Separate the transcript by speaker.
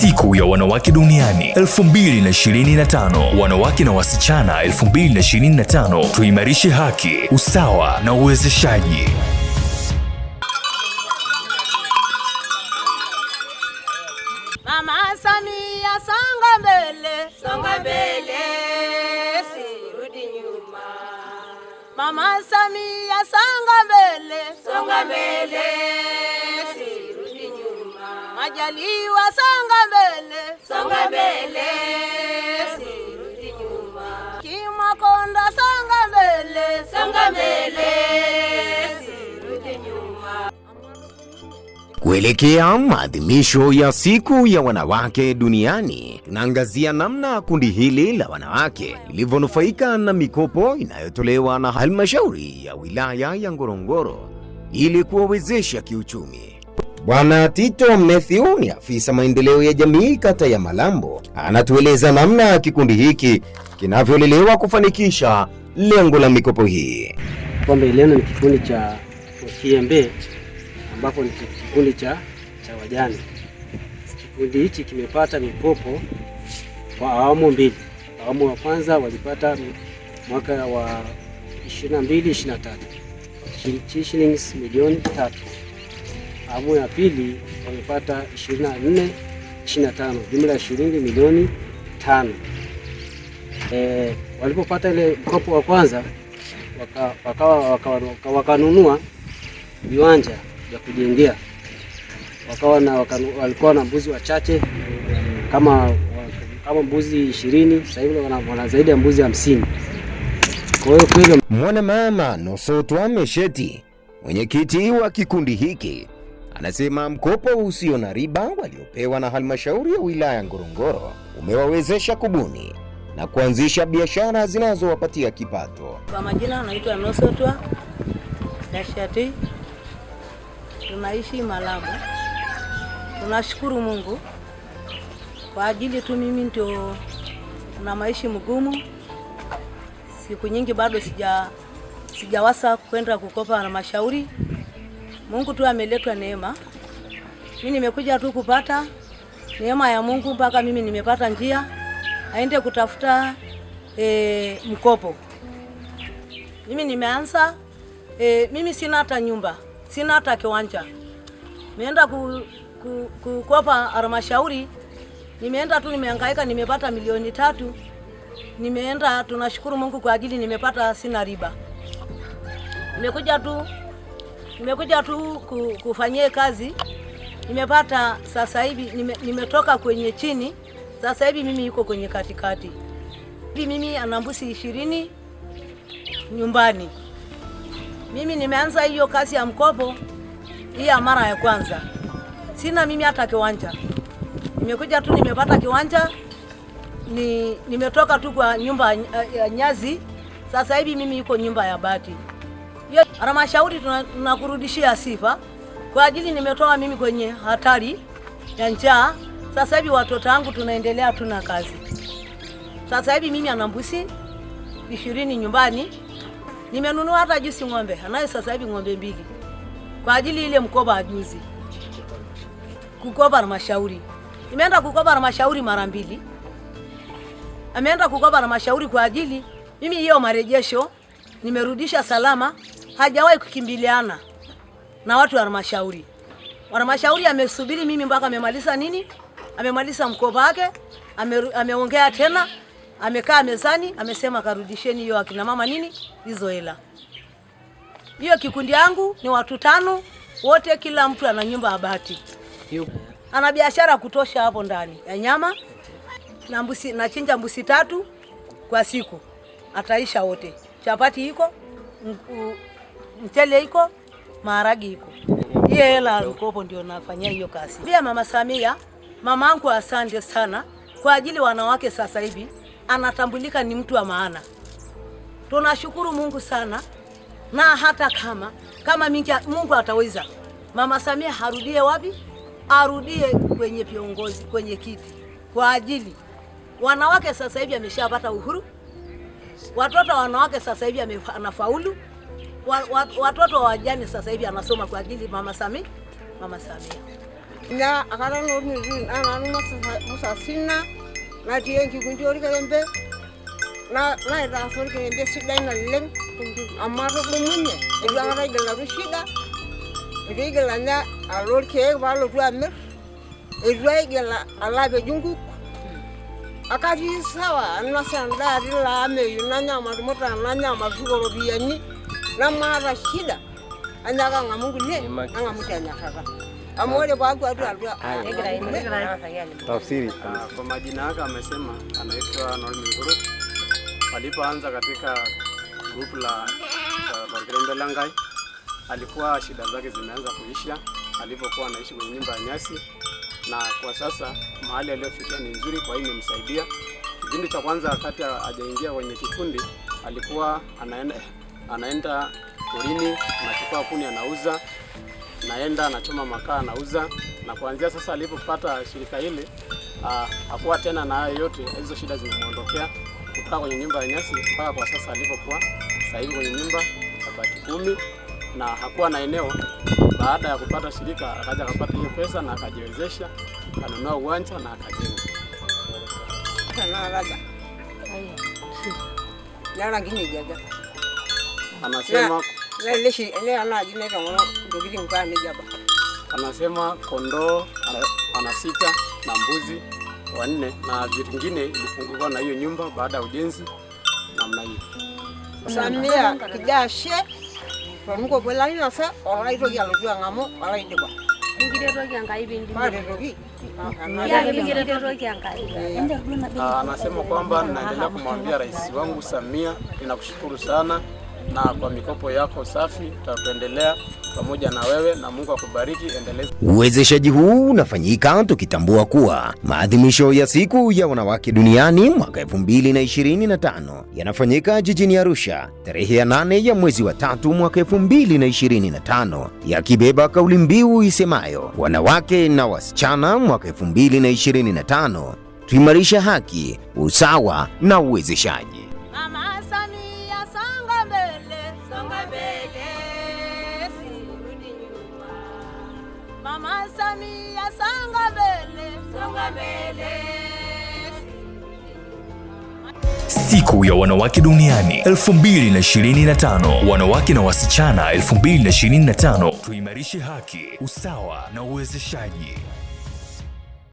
Speaker 1: siku ya wanawake duniani 2025, wanawake na wasichana 2025, tuimarishe haki, usawa na uwezeshaji.
Speaker 2: Mama Samia, songa mbele,
Speaker 3: songa mbele, sirudi nyuma.
Speaker 2: Mama Samia, songa mbele,
Speaker 3: songa mbele, sirudi nyuma.
Speaker 2: Majaliwa, songa
Speaker 3: songa mbele, sirudi nyuma.
Speaker 2: songa mbele,
Speaker 3: songa mbele, sirudi nyuma.
Speaker 1: Kuelekea maadhimisho ya siku ya wanawake duniani, tunaangazia namna kundi hili la wanawake lilivyonufaika na mikopo inayotolewa na halmashauri ya wilaya ya Ngorongoro ili kuwawezesha kiuchumi. Bwana Tito ni afisa maendeleo ya jamii kata ya Malambo, anatueleza namna kikundi hiki kinavyolelewa kufanikisha lengo la mikopo hii.
Speaker 4: Kombe leno ni kikundi cha KMB ambapo ni kikundi cha, cha wajane. Kikundi hichi kimepata mikopo kwa awamu mbili. Awamu wa kwanza walipata mwaka wa 22 23 shilingi milioni tatu awamu ya pili wamepata 24 25, jumla ya shilingi milioni tano. E, walipopata ile mkopo wa kwanza wakawa wakanunua waka, waka, waka viwanja vya kujengea wakawa na waka, walikuwa na mbuzi wachache kama kama mbuzi ishirini. Sasa hivi wana zaidi ya mbuzi hamsini.
Speaker 1: Kwa hiyo kweli mwana mama Nosotwa Mesheti mwenyekiti wa kikundi hiki Anasema mkopo usio na riba waliopewa na halmashauri ya wilaya ya Ngorongoro umewawezesha kubuni na kuanzisha biashara zinazowapatia kipato.
Speaker 5: Kwa majina anaitwa Nosotwa Dashati, tunaishi Malabo. Tunashukuru Mungu kwa ajili tu, mimi ndio na maisha mgumu siku nyingi, bado sija sijawasa kwenda kukopa halmashauri Mungu tu ameletwa neema. Mimi nimekuja tu kupata neema ya Mungu mpaka mimi nimepata njia aende kutafuta e, mkopo. Mimi nimeanza e, mimi sina hata nyumba, sina hata kiwanja. Nimeenda ku, ku, kukopa halmashauri, nimeenda tu nimehangaika, nimepata milioni tatu. Nimeenda, tunashukuru Mungu kwa ajili nimepata, sina riba. Nimekuja tu Nimekuja tu kufanyia kazi, nimepata sasa hivi nime, nimetoka kwenye chini, sasa hivi mimi yuko kwenye katikati hivi. Mimi ana mbuzi ishirini nyumbani. Mimi nimeanza hiyo kazi ya mkopo hii ya mara ya kwanza, sina mimi hata kiwanja. Nimekuja tu nimepata kiwanja ni, nimetoka tu kwa nyumba ya nyazi, sasa hivi mimi yuko nyumba ya bati. Halmashauri tunakurudishia sifa kwa ajili nimetoa mimi kwenye hatari ya njaa. Sasa hivi watoto wangu tunaendelea, tuna kazi sasa hivi. Mimi ana mbuzi ishirini nyumbani, nimenunua hata juzi ng'ombe anayo sasa hivi ng'ombe mbili kwa ajili ile mkoba ajuzi kukopa halmashauri, nimeenda kukopa halmashauri mara mbili, ameenda kukopa halmashauri kwa ajili mimi hiyo marejesho nimerudisha salama hajawahi kukimbiliana na watu wa halmashauri. Halmashauri amesubiri mimi mpaka amemaliza nini, amemaliza mkopo wake, ameongea tena, amekaa mezani, amesema karudisheni hiyo akina mama nini hizo hela. Hiyo kikundi yangu ni watu tano, wote kila mtu ana nyumba ya bati, ana biashara kutosha hapo ndani ya nyama na mbusi, nachinja mbusi tatu kwa siku, ataisha wote. Chapati iko mchele iko, maharagi iko. Hiyo hela mkopo ndio nafanyia hiyo kazi. Pia Mama Samia, mamaangu asante sana kwa ajili wanawake. Sasa hivi anatambulika ni mtu wa maana, tunashukuru Mungu sana, na hata kama kama mingi Mungu ataweza Mama Samia harudie wapi? Arudie kwenye viongozi, kwenye kiti, kwa ajili wanawake. Sasa hivi ameshapata uhuru, watoto wanawake sasa hivi anafaulu watoto wa wajane sasa hivi anasoma kwa ajili mama Samia, mama Samia
Speaker 6: na akaranoni ananuma musasina natie nkikundiorikelembe naitasorikelembe sidai naleng amarubulmunye etu akata shida etu igil anya alo irkeek paalotu amirr etu aigil alo nkuk akatii sawa anasa endaa tilo ameyu nanyamal muta nanyamal tuko namara shida anyaka ngamukulie angamutanyakaka amole bwaku atu
Speaker 7: tafsiri. Ah, kwa majina yake amesema anaitwa nguru alipoanza katika grupu la Barkirendelangai alikuwa shida zake zimeanza kuisha alipokuwa anaishi kwenye nyumba ya nyasi, na kwa sasa mahali aliyofikia ni nzuri, kwa hiyo imemsaidia. Kipindi cha kwanza wakati hajaingia kwenye kikundi alikuwa anaenda anaenda porini anachukua kuni anauza, naenda anachoma makaa anauza. Na kuanzia sasa alipopata shirika hili ah, hakuwa tena na hayo yote, hizo shida zimemwondokea kutoka kwenye nyumba ya nyasi mpaka kwa sasa alipokuwa sasa hivi kwenye nyumba kabati kumi, na hakuwa na eneo. Baada ya kupata shirika akaja akapata hiyo pesa na akajiwezesha, akanunua uwanja na akajenga
Speaker 6: raga. jaga.
Speaker 7: Anasema anasema kondoo ana sita na mbuzi wanne na vingine ilifunguliwa na hiyo nyumba baada ya ujenzi namna hiyo.
Speaker 6: Samia kijashe tonuko bola ina sa ora ito ya lotu angamo ora inde ba.
Speaker 8: Ingire ito ya ngai bindi.
Speaker 6: Pare rogi. Ya
Speaker 8: ah, ah, ingire to ya ngai. Eh.
Speaker 7: Ah, anasema kwamba naendelea kumwambia rais wangu Samia, ninakushukuru sana na kwa mikopo yako safi, tutakuendelea pamoja na wewe na Mungu akubariki, endelee.
Speaker 1: Uwezeshaji huu unafanyika tukitambua kuwa maadhimisho ya siku ya wanawake duniani mwaka 2025 yanafanyika jijini Arusha tarehe ya nane ya mwezi wa tatu mwaka 2025 yakibeba kauli mbiu isemayo wanawake na wasichana mwaka 2025 tuimarisha haki, usawa na uwezeshaji. Siku ya wanawake duniani 2025, wanawake na wasichana 2025, tuimarishe haki, usawa na uwezeshaji.